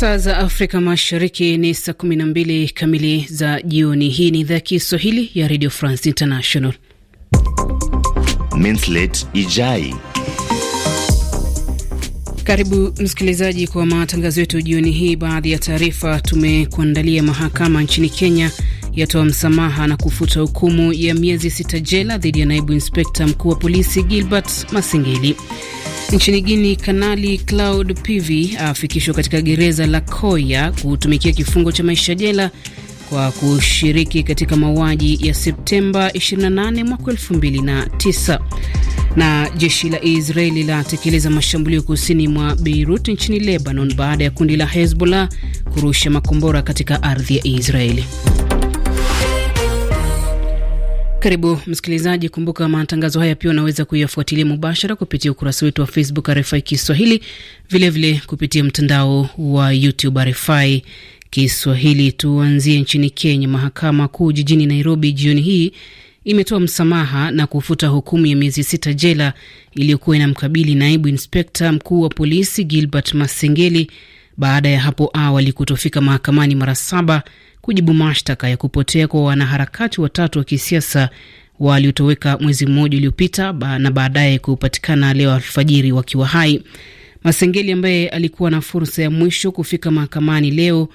saa za Afrika Mashariki ni saa 12 kamili za jioni. Hii ni idhaa ya Kiswahili ya Radio France International. Minslet Ijai. Karibu msikilizaji kwa matangazo yetu jioni hii. Baadhi ya taarifa tumekuandalia: mahakama nchini Kenya yatoa msamaha na kufuta hukumu ya miezi sita jela dhidi ya naibu inspekta mkuu wa polisi Gilbert Masingili. Nchini Guini, Kanali claud Pivi afikishwa katika gereza la Koya kutumikia kifungo cha maisha jela kwa kushiriki katika mauaji ya Septemba 28 mwaka 2009. Na jeshi la Israeli latekeleza mashambulio kusini mwa Beirut nchini Lebanon baada ya kundi la Hezbollah kurusha makombora katika ardhi ya Israeli. Karibu msikilizaji, kumbuka matangazo haya pia unaweza kuyafuatilia mubashara kupitia ukurasa wetu wa Facebook RFI Kiswahili, vilevile vile kupitia mtandao wa YouTube RFI Kiswahili. Tuanzie nchini Kenya. Mahakama Kuu jijini Nairobi jioni hii imetoa msamaha na kufuta hukumu ya miezi sita jela iliyokuwa inamkabili naibu inspekta mkuu wa polisi Gilbert Masengeli baada ya hapo awali kutofika mahakamani mara saba kujibu mashtaka ya kupotea kwa wanaharakati watatu wa kisiasa waliotoweka mwezi mmoja uliopita ba, na baadaye kupatikana leo alfajiri wakiwa hai. Masengeli ambaye alikuwa na fursa ya mwisho kufika mahakamani leo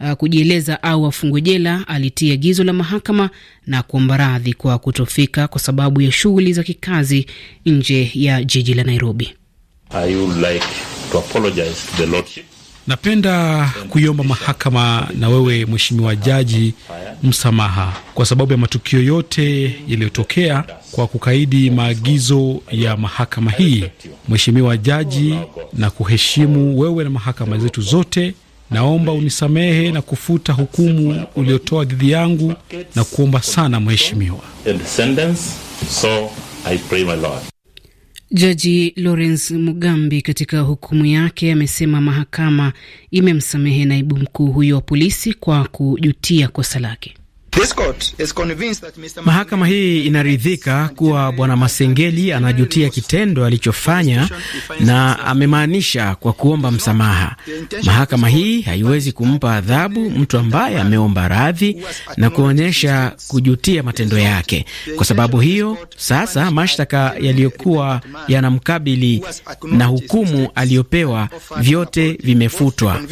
uh, kujieleza au afungwe jela, alitia agizo la mahakama na kuomba radhi kwa kutofika kwa sababu ya shughuli za kikazi nje ya jiji la Nairobi. I would like to apologize to the Lordship. Napenda kuiomba mahakama na wewe mheshimiwa jaji msamaha kwa sababu ya matukio yote yaliyotokea kwa kukaidi maagizo ya mahakama hii, mheshimiwa jaji, na kuheshimu wewe na mahakama zetu zote. Naomba unisamehe na kufuta hukumu uliotoa dhidi yangu na kuomba sana mheshimiwa. Jaji Lawrence Mugambi katika hukumu yake amesema mahakama imemsamehe naibu mkuu huyo wa polisi kwa kujutia kosa lake. Mahakama hii inaridhika kuwa Bwana Masengeli anajutia kitendo alichofanya na amemaanisha kwa kuomba msamaha. Mahakama hii haiwezi kumpa adhabu mtu ambaye ameomba radhi na kuonyesha kujutia matendo yake. Kwa sababu hiyo, sasa mashtaka yaliyokuwa yanamkabili na hukumu aliyopewa vyote vimefutwa.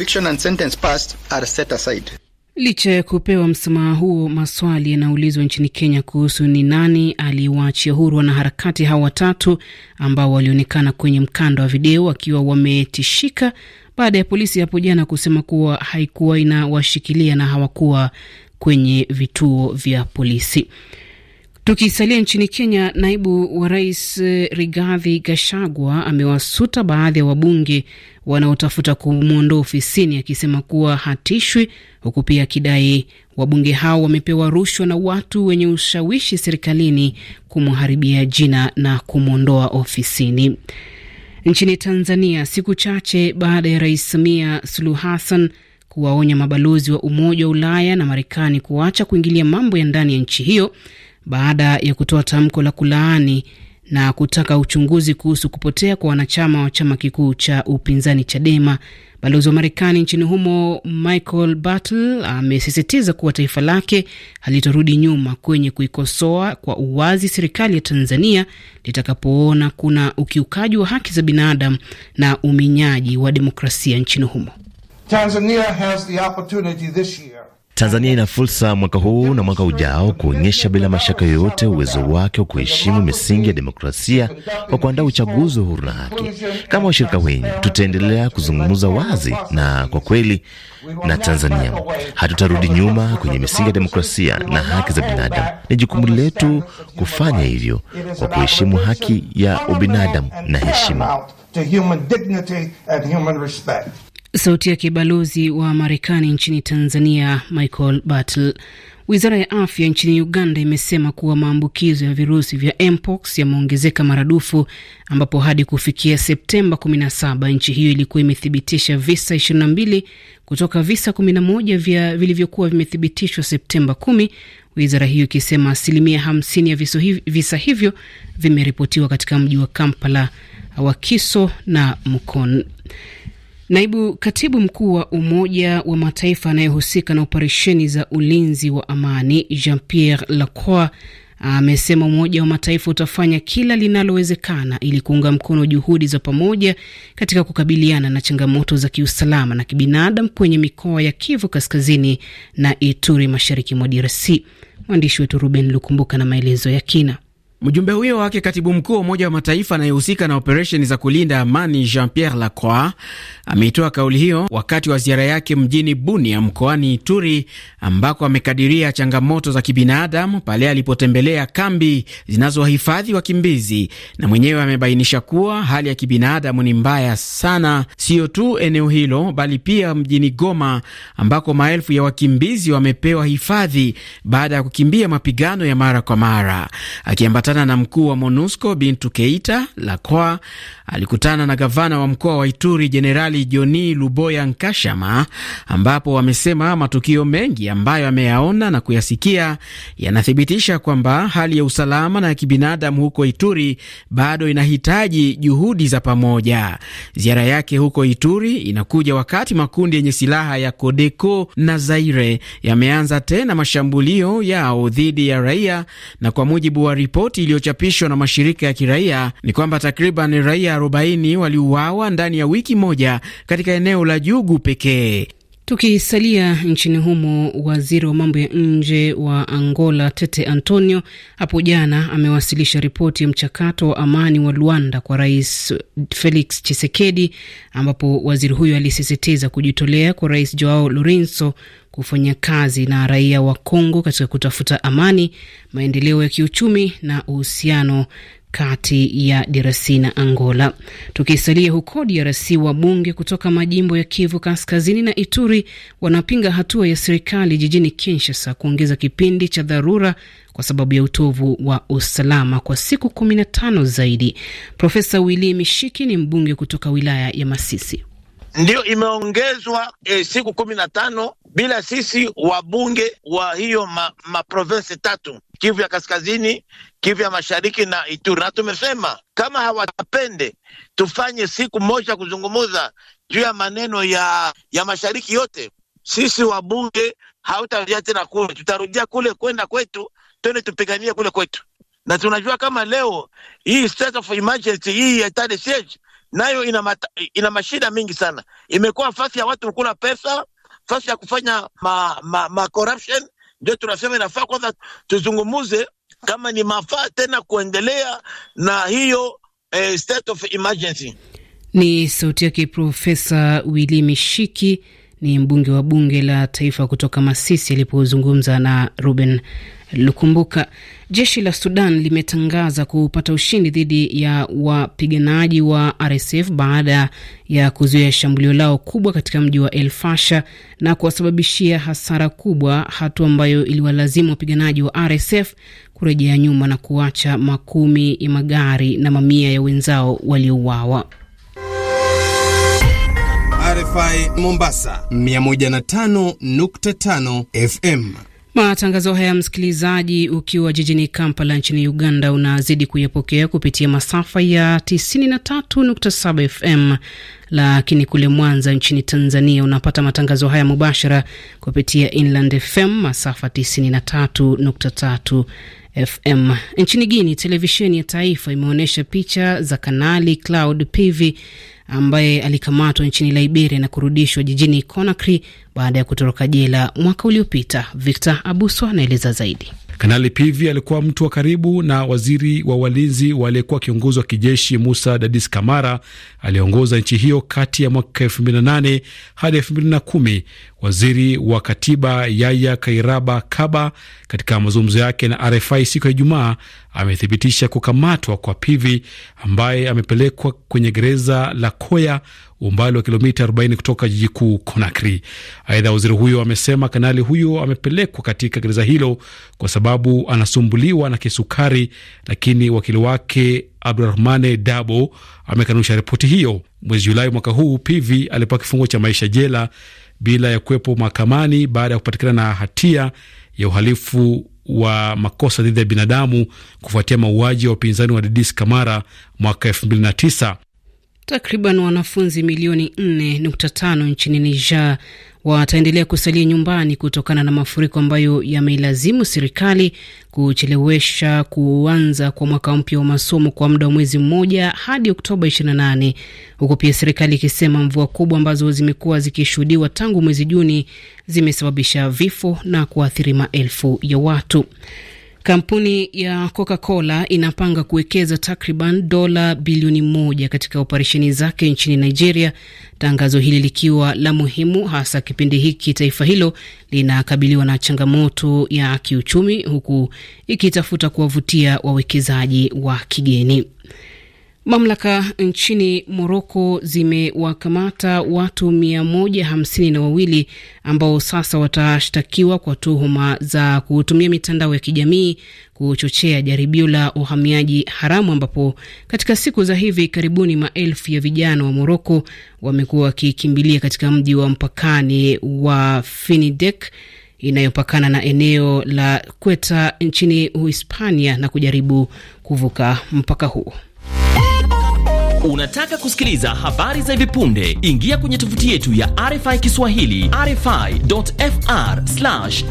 Licha ya kupewa msamaha huo, maswali yanaulizwa nchini Kenya kuhusu ni nani aliwaachia huru wanaharakati hao watatu ambao walionekana kwenye mkanda wa video wakiwa wametishika baada ya polisi hapo jana kusema kuwa haikuwa inawashikilia na hawakuwa kwenye vituo vya polisi. Tukisalia nchini Kenya, naibu wa rais eh, Rigathi Gashagwa amewasuta baadhi ya wabunge wanaotafuta kumwondoa ofisini, akisema kuwa hatishwi, huku pia akidai wabunge hao wamepewa rushwa na watu wenye ushawishi serikalini kumharibia jina na kumwondoa ofisini. Nchini Tanzania, siku chache baada ya rais Samia Suluhu Hassan kuwaonya mabalozi wa Umoja wa Ulaya na Marekani kuacha kuingilia mambo ya ndani ya nchi hiyo baada ya kutoa tamko la kulaani na kutaka uchunguzi kuhusu kupotea kwa wanachama wa chama kikuu cha upinzani Chadema. Balozi wa Marekani nchini humo Michael Battle amesisitiza kuwa taifa lake halitorudi nyuma kwenye kuikosoa kwa uwazi serikali ya Tanzania litakapoona kuna ukiukaji wa haki za binadamu na uminyaji wa demokrasia nchini humo. Tanzania has the opportunity this year Tanzania ina fursa mwaka huu na mwaka ujao kuonyesha bila mashaka yoyote uwezo wake wa kuheshimu misingi ya demokrasia kwa kuandaa uchaguzi huru na haki. Kama washirika wenyu, tutaendelea kuzungumza wazi na kwa kweli na Tanzania. Hatutarudi nyuma kwenye misingi ya demokrasia na haki za binadamu. Ni jukumu letu kufanya hivyo kwa kuheshimu haki ya ubinadamu na heshima. Sauti ya kibalozi wa Marekani nchini Tanzania, Michael Battle. Wizara ya afya nchini Uganda imesema kuwa maambukizo ya virusi vya mpox yameongezeka maradufu, ambapo hadi kufikia Septemba 17 nchi hiyo ilikuwa imethibitisha visa 22 kutoka visa 11 vya vilivyokuwa vimethibitishwa Septemba 10, wizara hiyo ikisema asilimia 50 ya visa hivyo vimeripotiwa katika mji wa Kampala, Wakiso na Mukon. Naibu katibu mkuu wa Umoja wa Mataifa anayehusika na operesheni za ulinzi wa amani Jean Pierre Lacroix amesema Umoja wa Mataifa utafanya kila linalowezekana ili kuunga mkono juhudi za pamoja katika kukabiliana na changamoto za kiusalama na kibinadamu kwenye mikoa ya Kivu Kaskazini na Ituri, mashariki mwa DRC. Mwandishi wetu Ruben Lukumbuka na maelezo ya kina. Mjumbe huyo wake katibu mkuu wa Umoja wa Mataifa anayehusika na operesheni za kulinda amani Jean Pierre Lacroix ameitoa kauli hiyo wakati wa ziara yake mjini Bunia mkoani Ituri, ambako amekadiria changamoto za kibinadamu pale alipotembelea kambi zinazowahifadhi wakimbizi, na mwenyewe amebainisha kuwa hali ya kibinadamu ni mbaya sana, siyo tu eneo hilo, bali pia mjini Goma ambako maelfu ya wakimbizi wamepewa hifadhi baada ya kukimbia mapigano ya mara kwa mara Akiambatana na mkuu wa MONUSCO Bintu Keita, Lacroix alikutana na gavana wa mkoa wa Ituri Jenerali Joni Luboya Nkashama, ambapo wamesema matukio mengi ambayo ameyaona na kuyasikia yanathibitisha kwamba hali ya usalama na ya kibinadamu huko Ituri bado inahitaji juhudi za pamoja. Ziara yake huko Ituri inakuja wakati makundi yenye silaha ya Kodeko na Zaire yameanza tena mashambulio yao dhidi ya raia na kwa mujibu wa ripoti ripoti iliyochapishwa na mashirika ya kiraia ni kwamba takriban raia 40 waliuawa ndani ya wiki moja katika eneo la Jugu pekee. Tukisalia nchini humo, waziri wa mambo ya nje wa Angola Tete Antonio hapo jana amewasilisha ripoti ya mchakato wa amani wa Luanda kwa Rais Felix Tshisekedi, ambapo waziri huyo alisisitiza kujitolea kwa Rais Joao Lourenco kufanya kazi na raia wa Kongo katika kutafuta amani, maendeleo ya kiuchumi na uhusiano kati ya DRC na Angola. Tukisalia huko DRC, wabunge kutoka majimbo ya Kivu Kaskazini na Ituri wanapinga hatua ya serikali jijini Kinshasa kuongeza kipindi cha dharura kwa sababu ya utovu wa usalama kwa siku 15 zaidi. Profesa Willy Mishiki ni mbunge kutoka wilaya ya Masisi ndio imeongezwa e, siku kumi na tano bila sisi wabunge wa hiyo ma, tatu Kivu ya Kaskazini, Kivu ya Mashariki na Ituri. Na tumesema kama hawatapende tufanye siku moja kuzungumuza juu ya maneno ya, ya mashariki yote, sisi wabunge hautarudia tena kule, tutarudia kule kwenda kwetu, twende tupiganie kule kwetu, na tunajua kama leo hii state of emergency hii ya siege nayo ina, mata, ina mashida mingi sana. Imekuwa fasi ya watu kula pesa, fasi ya kufanya ma, ma, ma corruption. Ndio tunasema inafaa kwanza tuzungumuze kama ni mafaa tena kuendelea na hiyo eh, state of emergency. Ni sauti yake Profesa Willy Mishiki, ni mbunge wa bunge la taifa kutoka Masisi alipozungumza na Ruben Lukumbuka. Jeshi la Sudan limetangaza kupata ushindi dhidi ya wapiganaji wa RSF baada ya kuzuia shambulio lao kubwa katika mji wa El Fasha na kuwasababishia hasara kubwa, hatua ambayo iliwalazimu wapiganaji wa RSF kurejea nyuma na kuacha makumi ya magari na mamia ya wenzao waliouawa. RFI Mombasa 105.5 FM. Matangazo haya msikilizaji, ukiwa jijini Kampala nchini Uganda, unazidi kuyapokea kupitia masafa ya 93.7 FM, lakini kule Mwanza nchini Tanzania unapata matangazo haya mubashara kupitia Inland FM masafa 93.3 FM. Nchini Guinea, televisheni ya taifa imeonyesha picha za Kanali Cloud PV ambaye alikamatwa nchini Liberia na kurudishwa jijini Conakry baada ya kutoroka jela mwaka uliopita. Victor Abuso anaeleza zaidi. Kanali Pivi alikuwa mtu wa karibu na waziri wa walinzi waliyekuwa kiongozi wa kijeshi Musa Dadis Kamara aliyeongoza nchi hiyo kati ya mwaka 2008 hadi 2010. Waziri wa katiba Yaya Kairaba Kaba katika mazungumzo yake na RFI siku ya Ijumaa amethibitisha kukamatwa kwa Pivi ambaye amepelekwa kwenye gereza la Koya, umbali wa kilomita 40 kutoka jiji kuu Conakry. Aidha, waziri huyo amesema kanali huyo amepelekwa katika gereza hilo kwa sababu anasumbuliwa na kisukari, lakini wakili wake Abdurahmane Dabo amekanusha ripoti hiyo. Mwezi Julai mwaka huu Pivi alipewa kifungo cha maisha jela bila ya kuwepo mahakamani baada ya kupatikana na hatia ya uhalifu wa makosa dhidi ya binadamu kufuatia mauaji ya upinzani wa Dedis Kamara mwaka tisa. Takriban wanafunzi milioni 4.5 nchini Niger wataendelea kusalia nyumbani kutokana na mafuriko ambayo yameilazimu serikali kuchelewesha kuanza kwa mwaka mpya wa masomo kwa muda wa mwezi mmoja hadi Oktoba 28, huku pia serikali ikisema mvua kubwa ambazo zimekuwa zikishuhudiwa tangu mwezi Juni zimesababisha vifo na kuathiri maelfu ya watu. Kampuni ya Coca-Cola inapanga kuwekeza takriban dola bilioni moja katika operesheni zake nchini Nigeria, tangazo hili likiwa la muhimu hasa kipindi hiki taifa hilo linakabiliwa na changamoto ya kiuchumi, huku ikitafuta kuwavutia wawekezaji wa kigeni. Mamlaka nchini Moroko zimewakamata watu mia moja hamsini na wawili ambao sasa watashtakiwa kwa tuhuma za kutumia mitandao ya kijamii kuchochea jaribio la uhamiaji haramu, ambapo katika siku za hivi karibuni maelfu ya vijana wa Moroko wamekuwa wakikimbilia katika mji wa mpakani wa Finidek inayopakana na eneo la Kweta nchini Uhispania na kujaribu kuvuka mpaka huo. Unataka kusikiliza habari za hivi punde? Ingia kwenye tovuti yetu ya RFI Kiswahili, rfi.fr/sw.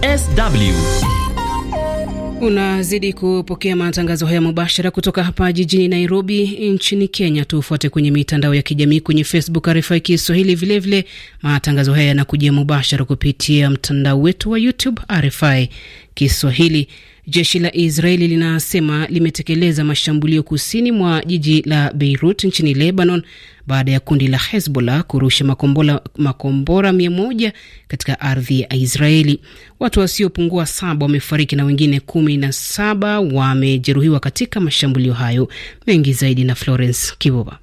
Unazidi kupokea matangazo haya mubashara kutoka hapa jijini Nairobi nchini Kenya. Tufuate kwenye mitandao ya kijamii kwenye Facebook RFI Kiswahili. Vilevile matangazo haya yanakujia mubashara kupitia mtandao wetu wa YouTube RFI Kiswahili. Jeshi la Israeli linasema limetekeleza mashambulio kusini mwa jiji la Beirut nchini Lebanon baada ya kundi la Hezbollah kurusha makombora, makombora mia moja katika ardhi ya Israeli. Watu wasiopungua saba wamefariki na wengine kumi na saba wamejeruhiwa katika mashambulio hayo. Mengi zaidi na Florence Kiboba.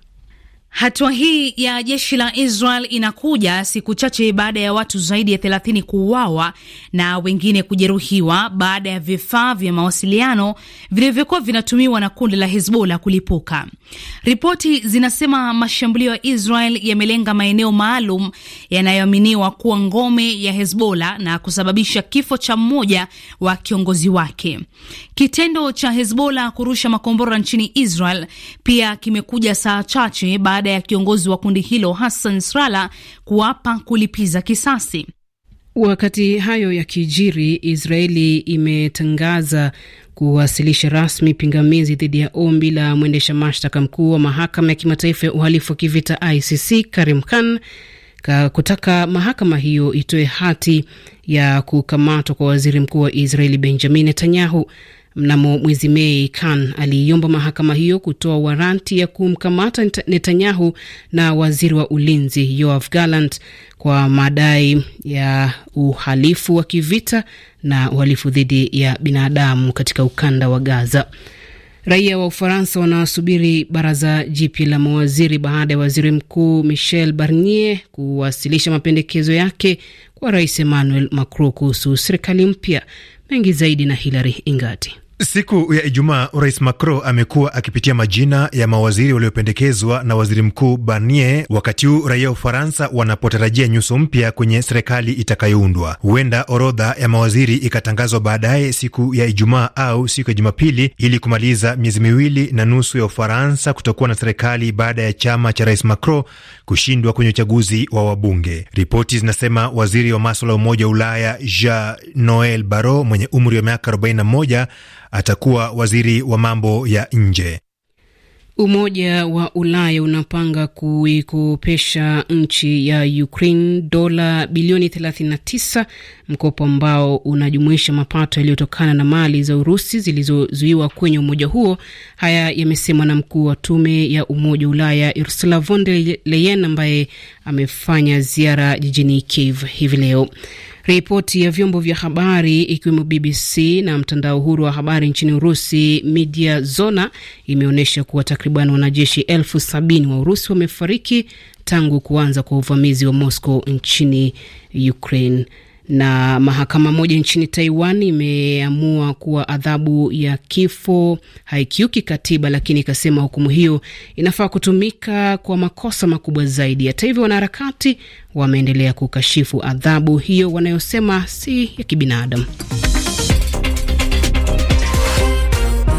Hatua hii ya jeshi la Israel inakuja siku chache baada ya watu zaidi ya thelathini kuuawa na wengine kujeruhiwa baada ya vifaa vya mawasiliano vilivyokuwa vinatumiwa na kundi la Hezbollah kulipuka. Ripoti zinasema mashambulio ya Israel yamelenga maeneo maalum yanayoaminiwa kuwa ngome ya Hezbollah na kusababisha kifo cha mmoja wa kiongozi wake. Kitendo cha Hezbollah kurusha makombora nchini Israel pia kimekuja saa chache baada baada ya kiongozi wa kundi hilo Hassan Srala kuapa kulipiza kisasi. Wakati hayo ya kijiri Israeli imetangaza kuwasilisha rasmi pingamizi dhidi ya ombi la mwendesha mashtaka mkuu wa mahakama ya kimataifa ya uhalifu wa kivita ICC Karim Khan kutaka mahakama hiyo itoe hati ya kukamatwa kwa waziri mkuu wa Israeli Benjamin Netanyahu. Mnamo mwezi Mei, Khan aliiomba mahakama hiyo kutoa waranti ya kumkamata Netanyahu na waziri wa ulinzi Yoav Gallant kwa madai ya uhalifu wa kivita na uhalifu dhidi ya binadamu katika ukanda wa Gaza. Raia wa Ufaransa wanasubiri baraza jipya la mawaziri baada ya waziri mkuu Michel Barnier kuwasilisha mapendekezo yake kwa rais Emmanuel Macron kuhusu serikali mpya. Mengi zaidi na Hilary Ingati. Siku ya Ijumaa, Rais Macron amekuwa akipitia majina ya mawaziri waliopendekezwa na waziri mkuu Barnier, wakati huu raia wa Ufaransa wanapotarajia nyuso mpya kwenye serikali itakayoundwa. Huenda orodha ya mawaziri ikatangazwa baadaye siku ya Ijumaa au siku ya Jumapili, ili kumaliza miezi miwili na nusu ya Ufaransa kutokuwa na serikali baada ya chama cha Rais Macron kushindwa kwenye uchaguzi wa wabunge. Ripoti zinasema waziri wa maswala ya Umoja wa Ulaya Jean Noel Barrot mwenye umri wa miaka 41 atakuwa waziri wa mambo ya nje. Umoja wa Ulaya unapanga kuikopesha nchi ya Ukraine dola bilioni 39, mkopo ambao unajumuisha mapato yaliyotokana na mali za Urusi zilizozuiwa kwenye umoja huo. Haya yamesemwa na mkuu wa tume ya Umoja wa Ulaya Ursula von der Leyen ambaye amefanya ziara jijini Kiev hivi leo. Ripoti ya vyombo vya habari ikiwemo BBC na mtandao huru wa habari nchini Urusi Media Zona imeonyesha kuwa takriban wanajeshi elfu sabini wa Urusi wamefariki tangu kuanza kwa uvamizi wa Moscow nchini Ukraine. Na mahakama moja nchini Taiwan imeamua kuwa adhabu ya kifo haikiuki katiba, lakini ikasema hukumu hiyo inafaa kutumika kwa makosa makubwa zaidi. Hata hivyo, wanaharakati wameendelea kukashifu adhabu hiyo wanayosema si ya kibinadamu.